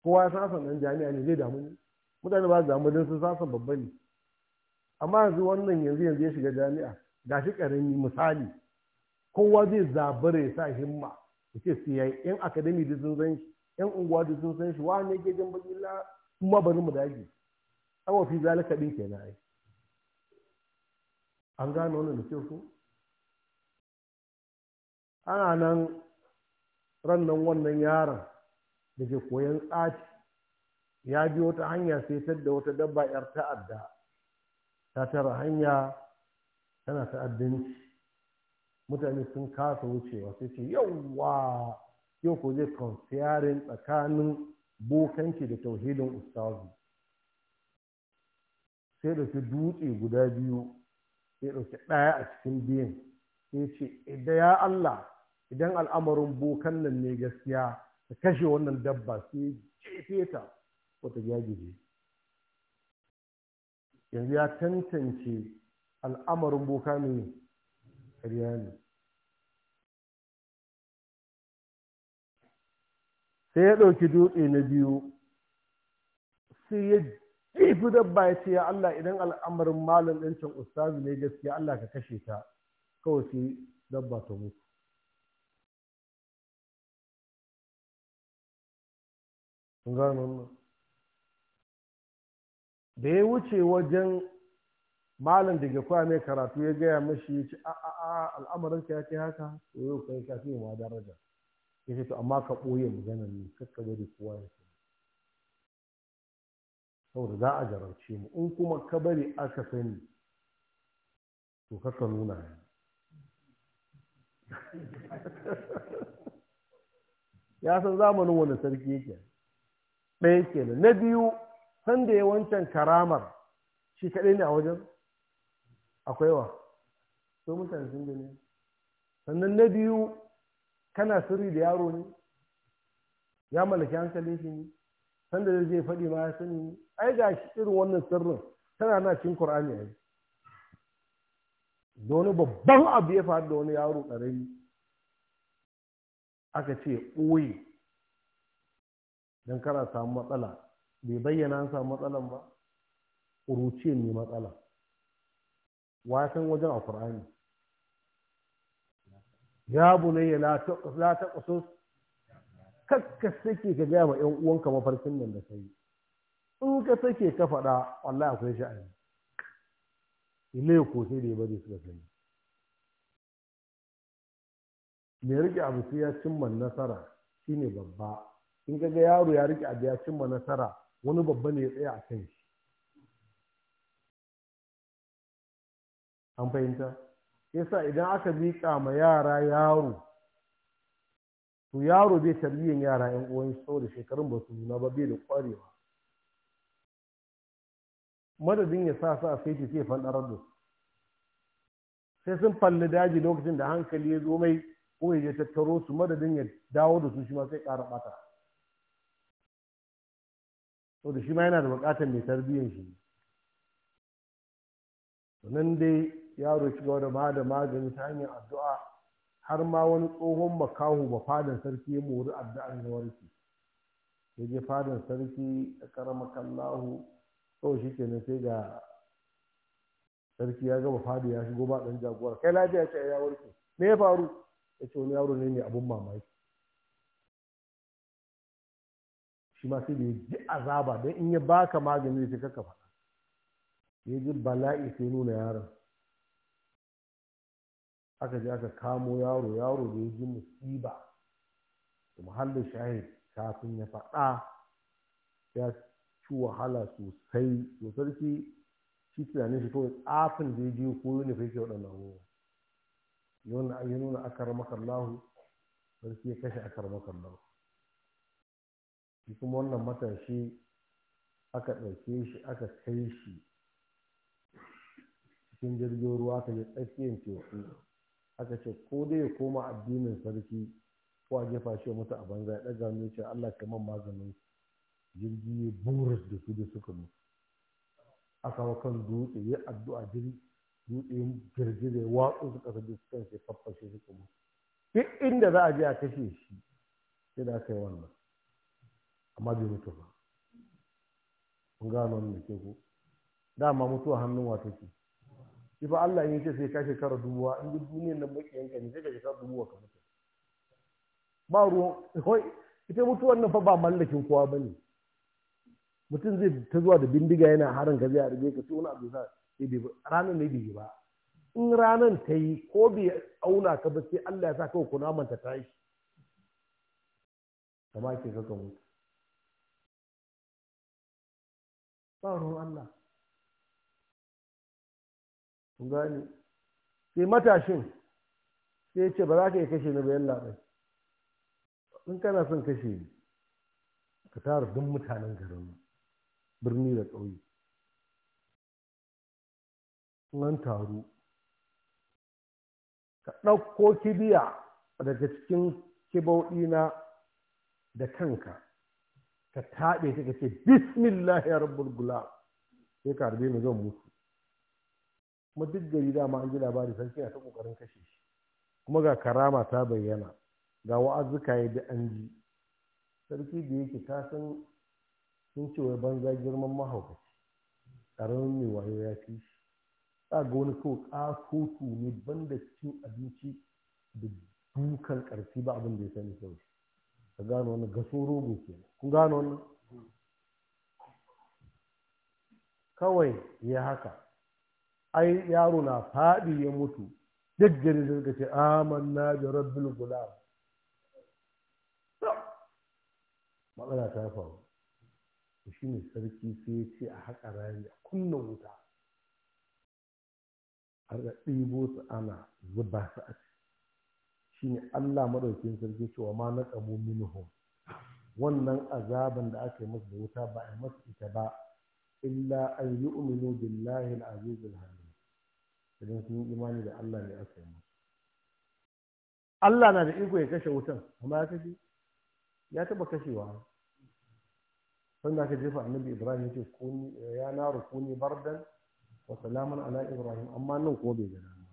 kowa ya san hasan ɗan jami'a ne zai damu ne mutane ba su damu don sun san babba ne amma yanzu wannan yanzu yanzu ya shiga jami'a gashi ƙarami misali kowa zai zabare ya sa himma ya ce su yayi yan akademi da sun san shi yan unguwa da sun san shi wani ke jan baki kuma bari mu dage awa fi zalika din kenan ai an gano wannan da kyau ko ana nan rannan wannan yaron da ke koyan tsaci ya bi wata hanya sai tadda wata dabba yar ta'adda ta tara hanya tana ta ta'addanci mutane sun kasa wucewa sai ce yawwa yau ko zai konsiyarin tsakanin bokanci da tauhidin ustazu sai da su dutse guda biyu sai da su ɗaya a cikin biyan sai ce idan ya Allah idan al'amarin bokan nan ne gaskiya ka kashe wannan dabba sai jefe ta wata gyagije yanzu ya tantance al'amarin boka ne ƙarya ne sai ya ɗauki dutse na biyu sai ya jefi dabba ya ce ya Allah idan al'amarin malam ɗin can ustazu ne gaskiya Allah ka kashe ta kawai sai dabba ta mutu da ya wuce wajen malam da ke karatu ya gaya mashi ya ce a'a al'amarin ka ya ce haka to yau kai ka fi ma daraja ya ce to amma ka ɓoye maganar ne kakka bari kowa ya sani saboda za a jarabce mu in kuma ka bari aka sani to kakka nuna ya ya san zamanin wani sarki yake ɗaya kenan na biyu sanda ya wancan karamar shi kaɗai ne a wajen akwai wa so mutane sun gani sannan na biyu kana sirri da yaro ne ya mallaki hankalin shi ne sanda zai zai faɗi ma ya sani ai ga shi irin wannan sirrin tana na cikin qur'ani ai da wani babban abu ya faru da wani yaro ƙarami aka ce ɓoye don kana samu matsala bai bayyana an samu matsalan ba ƙuruce ne matsala wasan wajen a ƙur'ani ya bunayya la taqsus kakka sake ka gaya ma yan uwanka mafarkin nan da kai in ka sake ka faɗa wallahi akwai sha'ani ile ko sai da ya bari su suka sani mai rike abu sai ya cimma nasara shine babba in ka ga yaro ya rike abu ya cimma nasara wani babba ne ya tsaya a kan shi an fahimta yasa idan aka miƙa ma yara yaro to yaro bai tarbiyyar yara yan uwan shi saboda shekarun ba su nuna ba bai da ƙwarewa madadin ya sa a sai ce sai da su sai sun falli daji lokacin da hankali ya zo mai ko ya tattaro su madadin ya dawo da su shi ma sai ƙara ɓata saboda shi ma yana da buƙatar mai tarbiyyar shi nan dai yaro shiga da ba da magani ta hanyar addu'a har ma wani tsohon makaho ba fadan sarki ya mori addu'ar ya warke ya je fadan sarki a karama kallahu kawai shi kenan sai ga sarki ya gaba fadi ya shigo ba dan jagora kai lafiya ce ya warke me ya faru ya ce wani yaro ne mai abun mamaki shi ma sai da ya ji azaba don in ya baka magani sai kaka faɗa ya ji bala'i sai nuna yaron aka je aka kamo yaro yaro da ya ji musiba da muhallin shahid kafin ya faɗa ya ci wahala sosai to sarki shi tunanin shi kawai tsafin da ya je koyo ne fa yake waɗannan abubuwa yana nuna akar makallahu sarki ya kashe akar makallahu shi kuma wannan matashi aka ɗauke shi aka kai shi cikin jirgin ruwa aka yi tsakiyar teku aka ce ko dai ya koma addinin sarki ko a jefa shi mutu a banza ya ɗaga ne ce Allah ka man maganin jirgi ya burus da su da suka mutu a wa kan dutse ya addu'a jirgi dutse ya ya watsu su ƙasa da suka sai faffashe suka mutu duk inda za a je a kashe shi sai da aka yi wannan amma bai mutu ba kun gano ne ke ku dama mutuwa hannun wata ce. shi fa Allah ya ce sai ka shekara dubuwa in duk duniyar nan yanka ne sai ka shekara dubuwa ka mutu ba ruwa ruwan ita mutuwar nan fa ba mallakin kowa ba ne mutum zai ta zuwa da bindiga yana harin ka zai rige ka sai wani abu sa ranar ne bai ba in ranar ta yi ko bai auna ka ba sai Allah ya sa kawai kunaman ta tashi kama ke kaka mutu ba ruwan Allah gani sai matashin sai ce ba za ka yi kashe na bayan labai in kana son kashe ni ka tara duk mutanen garin birni da ƙauye nan taru ka ɗauko kibiya daga cikin na da kanka ka taɓe ta ka ce bismillah ya rabbul gula sai ka harbe ni zan mutu kuma duk gari dama an ji labari sarki na ta kokarin kashe shi kuma ga karama ta bayyana ga wa'azuka ya da an ji sarki da yake ta san sun ce wai banza girman mahaukaci ƙaramin mai wayo ya fi shi ta ga wani kawai ƙafotu ne banda cin abinci da dukan ƙarfi ba abin da ya sani kawai ka gano wani gaso rogo ke. kun gano wani? kawai ya haka ai yaro na faɗi ya mutu duk gari suka ce na da rabbin gulam matsala ta faru shi ne sarki sai ya ce a haƙa rami a kunna wuta a ga ɗibo su ana zuba su a ciki shi ne allah maɗaukin sarki cewa ma na ƙamu minhum wannan azaban da aka yi masu da wuta ba a yi masu ita ba illa an yi uminu billahi al-aziz idan sun yi imani da Allah ne aka yi Allah na da iko ya kashe wutan amma ya kashe ya taba kashewa sun da aka jefa annabi Ibrahim yake kuni ya naru kuni bardan wa salaman ala Ibrahim amma nan ko bai gana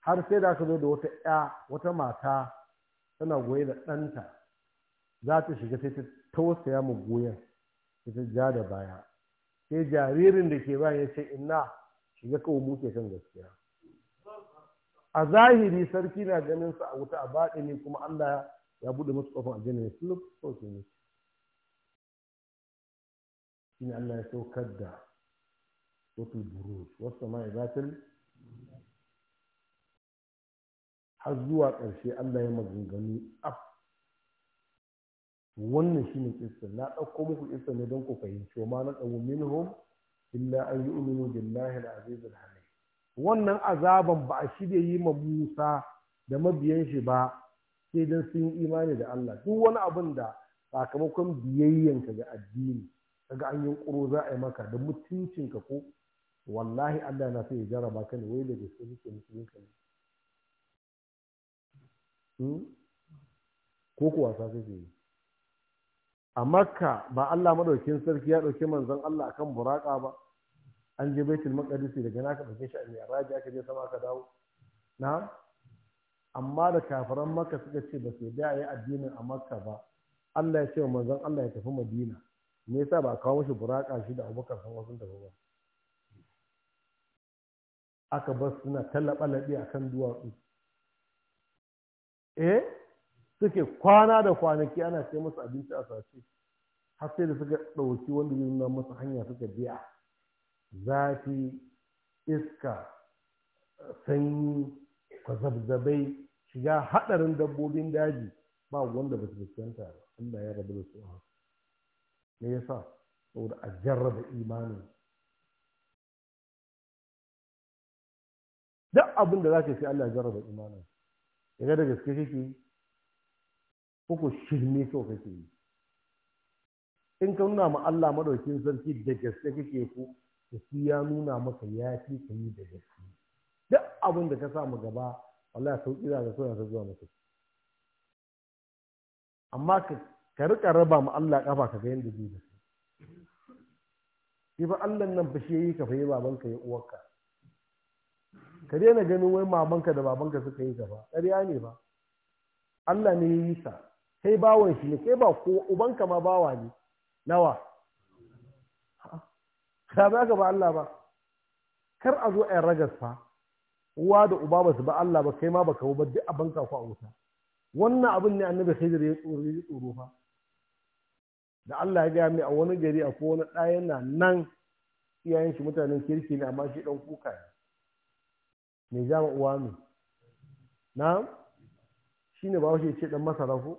har sai da aka zo da wata ya wata mata tana goye da ɗanta za ta shiga sai ta tausaya mu goyen sai ta ja da baya sai jaririn da ke bayan ya ce inna shiga kawo muke kan gaskiya a zahiri sarki na ganin sa a wuta a baɗi ne kuma Allah ya buɗe masu kofin aljanna su luf so su ne Allah ya saukar da wasu buruj wasu ma'i zatil har zuwa ƙarshe Allah ya maganganu af wannan shi ne kisa na ɗauko muku kissa ne don ku fahimci wa ma na ɗau minhum illa an yi yu'minu billahi al al halim wannan azaban ba a shirya yi ma Musa da mabiyan shi ba sai dan sun yi imani da Allah duk wani abin da sakamakon biyayyanka ga addini kaga an yi yunkuro za a yi maka da mutuncin ka ko wallahi Allah na sai ya jaraba ka ne wai da gaske suke mutuncinka ne hmm? ko kuwa sa kake yi a makka ba Allah madaukin sarki ya ɗauki manzon Allah akan buraka ba an je baitul maqdisi daga na ka dauke shi a mi'raji aka je sama aka dawo na amma da kafiran makka suka ce ba su da yi addinin a makka ba Allah ya ce wa manzon Allah ya tafi madina me yasa ba a kawo mishi buraka shi da abubakar san wasu tafi ba aka bar suna tallaba laɓe a kan duwatsu eh suke kwana da kwanaki ana sai musu abinci a sace har sai da suka ɗauki wanda zai nuna masa hanya suka biya zafi iska sanyi kwazabzabai shiga haɗarin dabbobin daji ba wanda ba su fuskanta Allah ya rabu da su a me yasa saboda a jarraba imanin duk abin da za ka sai Allah ya jarraba imanin ya da gaske kake yi ko ko shirme so kake yi in ka nuna ma Allah madaukin sarki da gaske kake ko da shi ya nuna maka ya fi ka yi da gaske duk abin da ka sa mu gaba wallahi sauki da da so ya zuwa maka amma ka rika raba mu Allah kafa ka ga yanda zai da su shi ba Allah nan ba shi yayi ka fa yi babanka ya uwarka ka daina ganin wai ka da babanka suka yi gaba ƙarya ne ba Allah ne ya yi sa kai bawon shi ne kai ba ko ubanka ma bawa ne nawa ka ba ka ba Allah ba kar a zo a yin ragas fa uwa da uba ba su ba Allah ba kai ma ba kawo ba duk a banka ku a wuta wannan abin ne annabi sai da ya tsoro fa da Allah ya ga mai a wani gari a ko wani ɗaya na nan iyayen shi mutanen kirki ne amma shi dan kuka ne za mu uwa mu na shine ba shi ce dan masara ko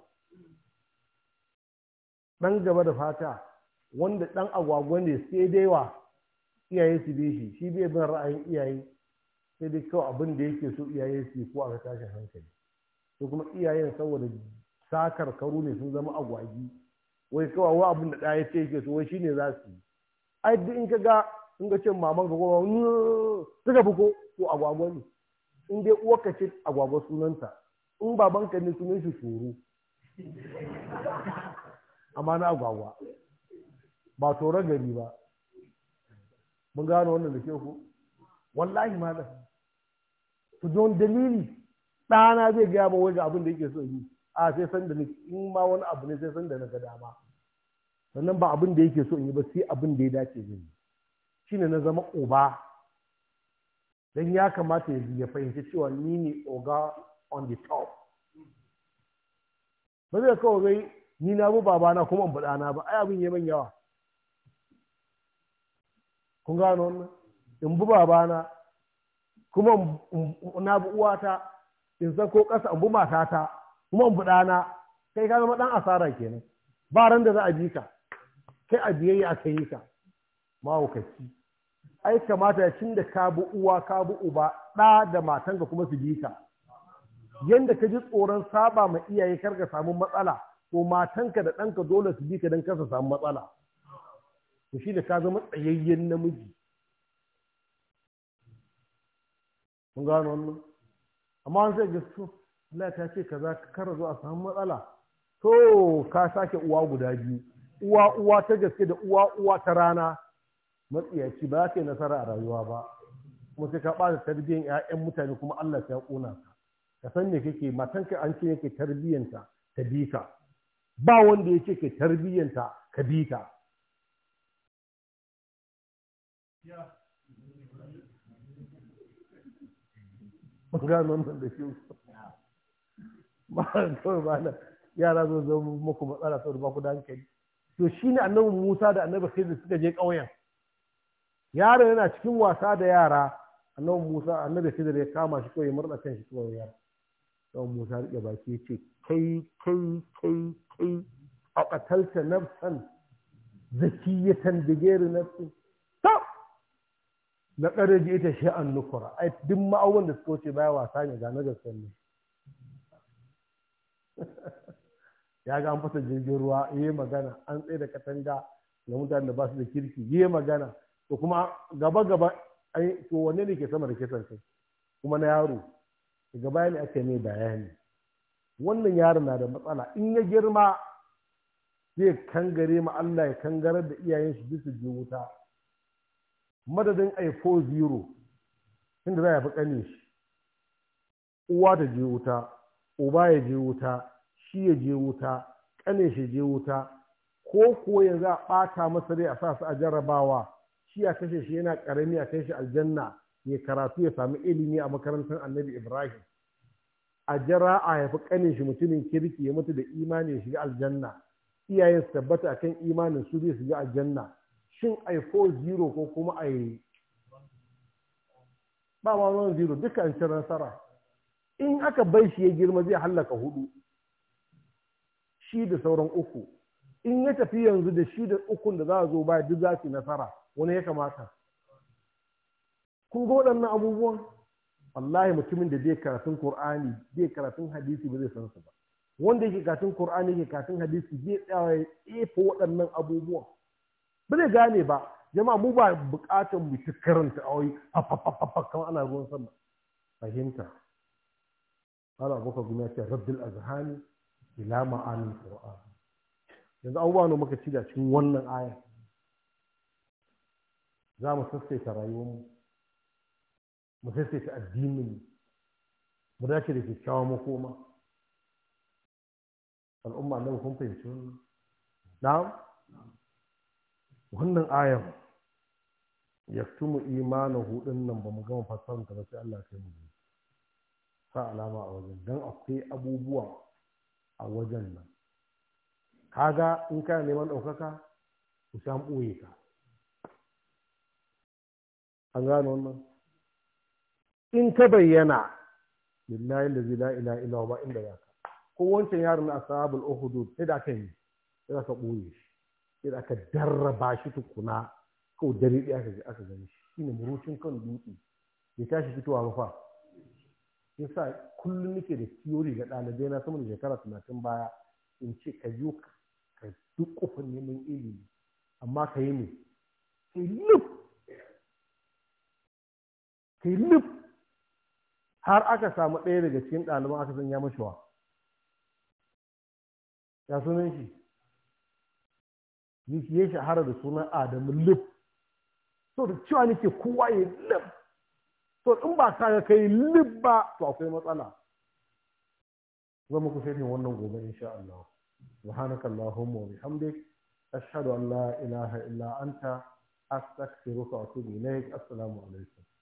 dan gaba da fata wanda ɗan agwagwa ne sai dai wa iyaye su bi shi shi bai bin ra'ayin iyaye sai dai kawai abin da yake so iyaye su ko aka tashin hankali to kuma iyayen saboda sakar karu ne sun zama agwagi wai kawai wa abin da ɗaya ce yake so wai shine za su yi ai duk in ka ga in ga cin maman ka kuma suka ko, to agwagwa ne in dai ka ce agwagwa sunanta in babanka ne sunan shi tsoro, amma na agwagwa ba tsoron gari ba mun gano wannan da ke ku wallahi malam su don dalili ɗana zai gaya ba wajen abin da yake so yi a sai san da in ma wani abu ne sai san da na ga dama sannan ba abin da yake so in yi ba sai abin da ya dace zai yi shine na zama oba dan ya kamata ya fahimci cewa ni ne oga on the top ba zai kawai ni na bu babana kuma in ba ɗana ba ai abin ya man yawa kun gano wannan in bi babana kuma na bi uwata in san ko ƙasa in bi matata kuma in bi ɗana kai ka zama ɗan asara kenan ba ran da za a bi ka kai a biyayya aka yi ka mahaukaci ai kamata ya cin da ka bi uwa ka bi uba ɗa da matan ka kuma su bi ka yanda ka ji tsoron saba ma iyaye kar ka samu matsala to matanka da ɗanka dole su bi ka don kasa samu matsala to shi da ka zama tsayayyen namiji mun gano wannan amma an sai gaske Allah ta ce ka za ka zo a samu matsala to ka sake uwa guda biyu uwa uwa ta gaske da uwa uwa ta rana matsiyaci ba za ka yi nasara a rayuwa ba kuma sai ka bada tarbiyyar 'ya'yan mutane kuma Allah ta ƙuna ka ka san me kake matanka an ce yake tarbiyyanta ta bi ka ba wanda ya ce ke tarbiyyanta ka bi ta gano nan da shi ba kawai ba na yara zo zo muku matsala saboda ba ku da hankali to shi ne annabi Musa da annabi Khidir suka je ƙauyen yaro yana cikin wasa da yara annabi Musa annabi Khidir ya kama shi kawai murna kan shi kawai yara to Musa ya baki ya ce kai kai kai kai a qatalta nafsan zakiyatan bighairi nafsin na ji ita shi an nukura ai duk ma'aunin da suka wuce baya wasa ne ga nagar gaske ya ga an fasa jirgin ruwa yi magana an tsaye da katanga na mutanen da ba su da kirki yi magana to kuma gaba gaba ai to wanne ne ke sama da kisan kai kuma na yaro daga baya ne ake ne bayani wannan yaro na da matsala in ya girma zai kangare ma Allah ya kangarar da iyayen shi bisa ji wuta madadin a yi 4-0 inda za a fi shi uwa ta je wuta uba ya je wuta shi ya je wuta kane shi je wuta ko kuwa yanzu a ɓata masa rai a sa su a jarrabawa shi a kashe shi yana karami a kai shi aljanna ya karatu ya sami ilimi a makarantar annabi ibrahim a jara a haifi ƙanin shi mutumin kirki ya mutu da imani ya shiga aljanna iyayen su tabbata kan imanin su zai shiga aljanna shin yi 4-0 ko kuma a yi ba ma wani zero duka an ci nasara in aka bai shi ya girma zai hallaka hudu shi da sauran uku in ya tafi yanzu da shi da ukun da za a zo ba duk za su nasara wani ya kamata kun ga waɗannan abubuwan wallahi mutumin da zai karatun Kur'ani zai karatun hadisi ba zai san su ba wanda yake karatun Kur'ani yake karatun hadisi zai tsaya ya waɗannan abubuwan ba zai gane ba jama'a mu ba bukatar mu ta karanta wai fafafafafa kamar ana ruwan sama fahimta Allah baka guna ce rabbil azhani ila ma'anin qur'an yanzu abubuwa ne muka ci da cikin wannan aya za mu sassaita rayuwarmu mu sassaita addininmu mu dace da kyakkyawan makoma al'umma nan kun fahimci wannan na'am wannan ayan mu imanin hudun nan ba mu gama fassarun ta ba sai Allah ta mu ji sa alama a wajen don akwai abubuwa a wajen nan kaga in kana neman ɗaukaka ku sha ɓoye ka an gano wannan in ka bayyana lillahi lazi la ilaha illa ba inda ya ka ko wancan yaron na ashabul uhudud sai da kai sai ka ɓoye shi sai da aka darraba shi tukuna ko dare ɗaya aka gani shi shine murucin kan dutse ya tashi fitowa mafa fa sa kullum nake da theory ga ɗalibai na sama da shekara talatin baya in ce ka zo ka duk kofar neman ilimi amma ka yi ne ka yi lif ka yi lif har aka samu ɗaya daga cikin ɗaliban aka sanya mashi wa ya sunan shi ya shahara da sunan adamu lif so da cewa nake kowa ya lif so in ba ka ga kai lif ba to akwai matsala zan muku shirin wannan gobe insha Allah subhanaka allahumma wa bihamdik ashhadu an la ilaha illa anta astaghfiruka wa atubu ilaik assalamu alaikum